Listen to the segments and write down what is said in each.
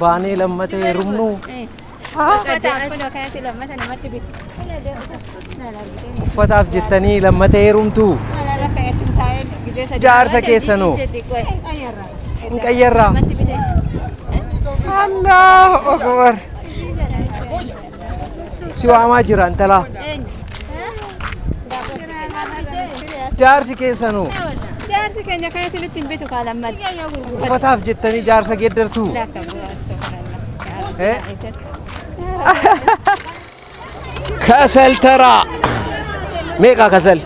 baanee lammata heerumnu. Uffataaf jettanii lammata heerumtu. Jaarsa keessanoo. Hin qayyarraa. Allahu akbar. Si waamaa jira intalaa. Jaarsi keessanoo. Jaarsi keenya kanatti nutti hin bitu kaalammal. Uffataaf jettanii jaarsa geeddartuu. ከሰል ተራ ሜቃ ከሰል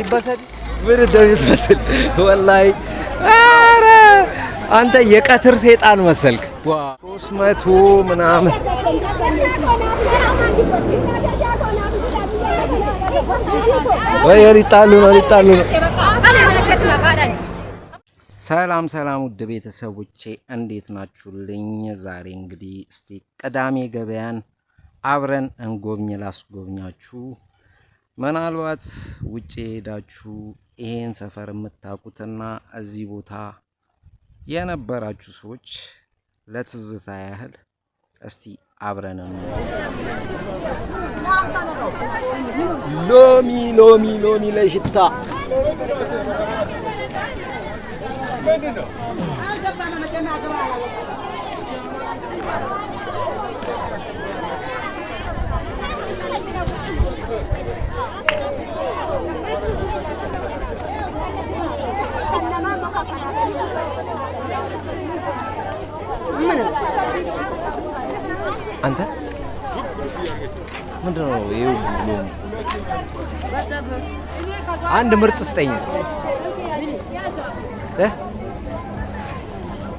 ይበሰል ብርድ የምትመስል ወላሂ፣ ኧረ አንተ የቀትር ሴጣን መሰልክ። ሶስት መቶ ምናምን ወይ ሊጣሉ ነው፣ ሊጣሉ ነው ሰላም ሰላም ውድ ቤተሰቦቼ እንዴት ናችሁልኝ? ዛሬ እንግዲህ እስቲ ቅዳሜ ገበያን አብረን እንጎብኝ ላስጎብኛችሁ። ምናልባት ውጭ የሄዳችሁ ይሄን ሰፈር የምታውቁትና እዚህ ቦታ የነበራችሁ ሰዎች ለትዝታ ያህል እስቲ አብረን ሎሚ ሎሚ ሎሚ ለሽታ አንተ ምንድን ነው ይኸው? አንድ ምርጥ ስጠኝ እስኪ እ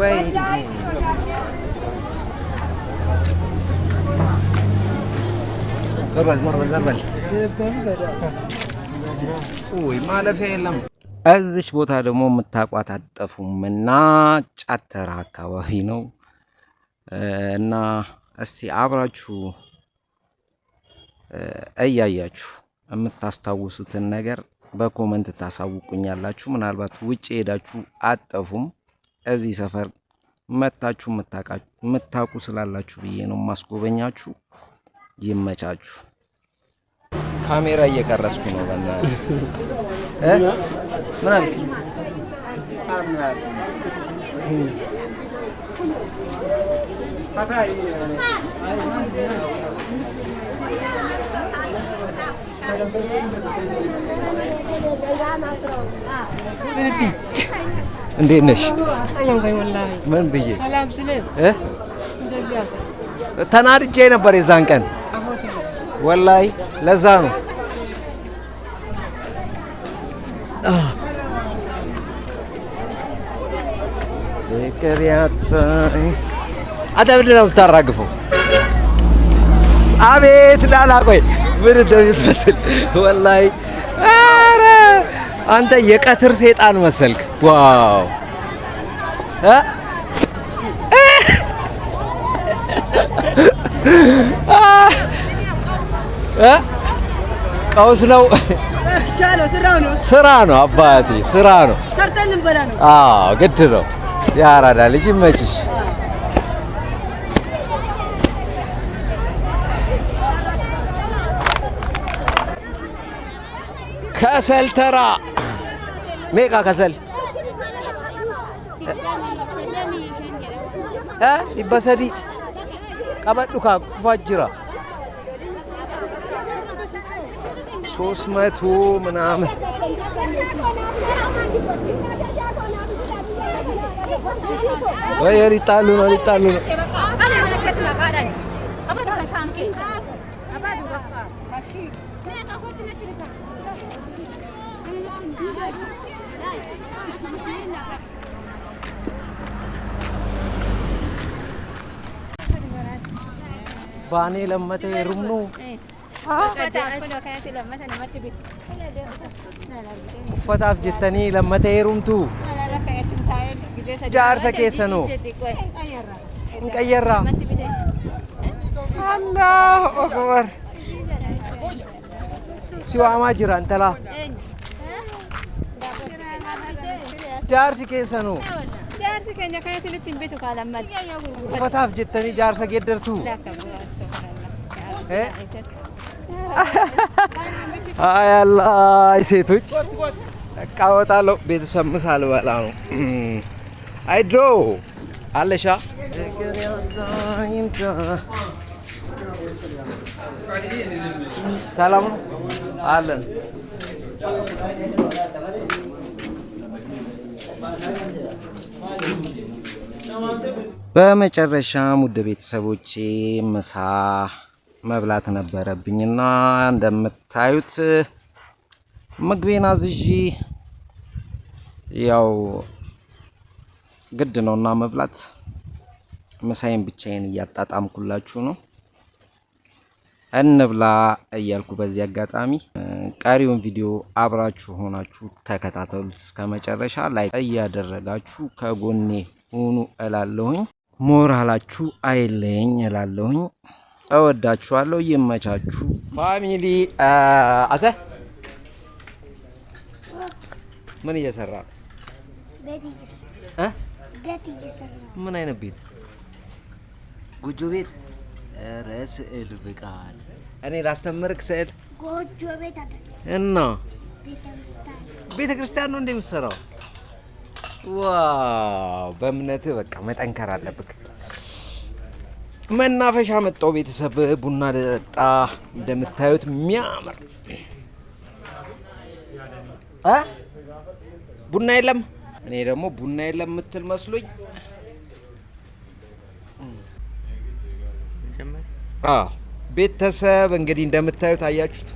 away. ዞር በል ዞር በል ውይ ማለፊያ የለም። እዚች ቦታ ደግሞ የምታቋት አትጠፉም እና ጫተራ አካባቢ ነው እና እስቲ አብራችሁ እያያችሁ የምታስታውሱትን ነገር በኮመንት ታሳውቁኛላችሁ። ምናልባት ውጭ ሄዳችሁ አትጠፉም እዚህ ሰፈር መታችሁ የምታውቁ ስላላችሁ ብዬ ነው ማስጎበኛችሁ። ይመቻችሁ። ካሜራ እየቀረስኩ ነው። በና ምን እንዴት ነሽ? ምን ብዬ እ ተናድጄ ነበር የዛን ቀን ወላይ፣ ለዛ ነው ፍቅር ያጣኝ። አንተ ምንድን ነው የምታራግፈው? አቤት ዳና ቆይ ምን እንደምትመስል ወላይ አንተ የቀትር ሰይጣን መሰልክ። ዋው ቀውስ ነው። ስራ ነው አባቴ፣ ስራ ነው። አዎ ግድ ነው። ያራዳ ልጅ ይመችሽ። ከሰል ተራ meeqa kasal dhibba sadii qabadhu kaa kufaa jira ሶስት መቶ ምናምን ወይ ሊጣሉ ነው ሊጣሉ ነው። Baanee lammatee rumnuu. Uffataaf jettanii lammatee heerumtuu. Jaarsa keessanoo. Hin qayyarraa. Allahu Akbar. Si waamaa jira intalaa. jaarsi keessanoo jaarsi keenya kanatti nutti hin bitu kaala malee uffataaf jettanii jaarsa geeddartuu አይ አላይ ሴቶች በቃ እወጣለሁ። ቤተሰብ ምሳ ልበላ ነው። አይ ድሮ አለሻ ሰላም ነው አለን በመጨረሻም ውድ ቤተሰቦቼ ምሳ መብላት ነበረብኝና እንደምታዩት ምግቤን አዝዤ ያው ግድ ነውና መብላት ምሳዬን ብቻዬን እያጣጣምኩላችሁ ነው። እንብላ እያልኩ በዚህ አጋጣሚ ቀሪውን ቪዲዮ አብራችሁ ሆናችሁ ተከታተሉት እስከ መጨረሻ ላይ እያደረጋችሁ ከጎኔ ሁኑ እላለሁኝ። ሞራላችሁ አይለኝ እላለሁኝ። እወዳችኋለሁ። ይመቻችሁ ፋሚሊ። አተ ምን እየሰራ ምን አይነት ቤት? ጎጆ ቤት? ኧረ ስዕል ብቃል። እኔ ላስተምርክ ስዕል። ጎጆ ቤት እና ቤተ ክርስቲያን ነው እንደምትሰራው ዋው! በእምነትህ በቃ መጠንከር አለብህ። መናፈሻ መጣው። ቤተሰብ ቡና ልጠጣ። እንደምታዩት የሚያምር ቡና የለም። እኔ ደግሞ ቡና የለም የምትል መስሎኝ ቤተሰብ እንግዲህ እንደምታዩት አያችሁት፣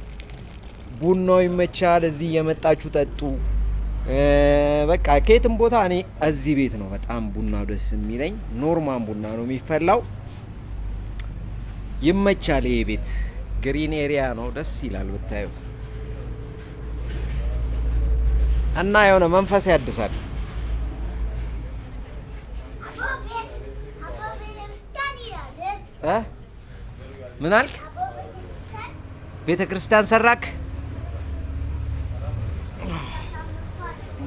ቡናው ይመቻል። እዚህ እየመጣችሁ ጠጡ። በቃ ከየትም ቦታ እኔ እዚህ ቤት ነው በጣም ቡናው ደስ የሚለኝ። ኖርማን ቡና ነው የሚፈላው። ይመቻል። ይሄ ቤት ግሪን ኤሪያ ነው፣ ደስ ይላል ብታዩ እና የሆነ መንፈስ ያድሳል። ምን አልክ? ቤተ ክርስቲያን ሰራክ?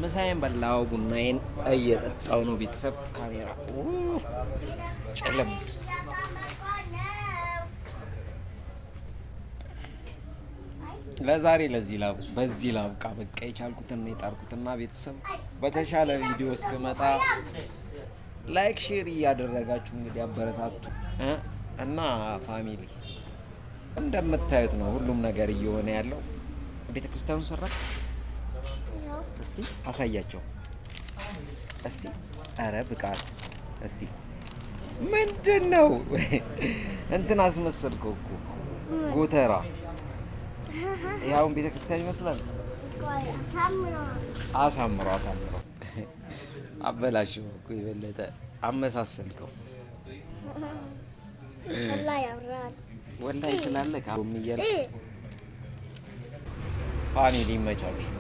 ምሳዬን በላው ቡናዬን እየጠጣው ነው። ቤተሰብ ካሜራ ጨለም ለዛሬ ለዚህ ላብ በዚህ ላብቃ። በቃ የቻልኩትና የጣርኩትና ቤተሰብ በተሻለ ቪዲዮ እስክመጣ ላይክ ሼር እያደረጋችሁ እንግዲህ አበረታቱ እና ፋሚሊ እንደምታዩት ነው ሁሉም ነገር እየሆነ ያለው ቤተክርስቲያኑ ሰራ እስቲ አሳያቸው። እስቲ አረ ብቃት እስቲ ምንድን ነው እንትን አስመሰልከው እኮ ጎተራ። ያው ቤተ ክርስቲያን ይመስላል። አሳምሮ አሳምሮ አበላሽ እኮ የበለጠ አመሳሰልከው። ወላሂ ስላለህ ፋኒ ሊመቻችሁ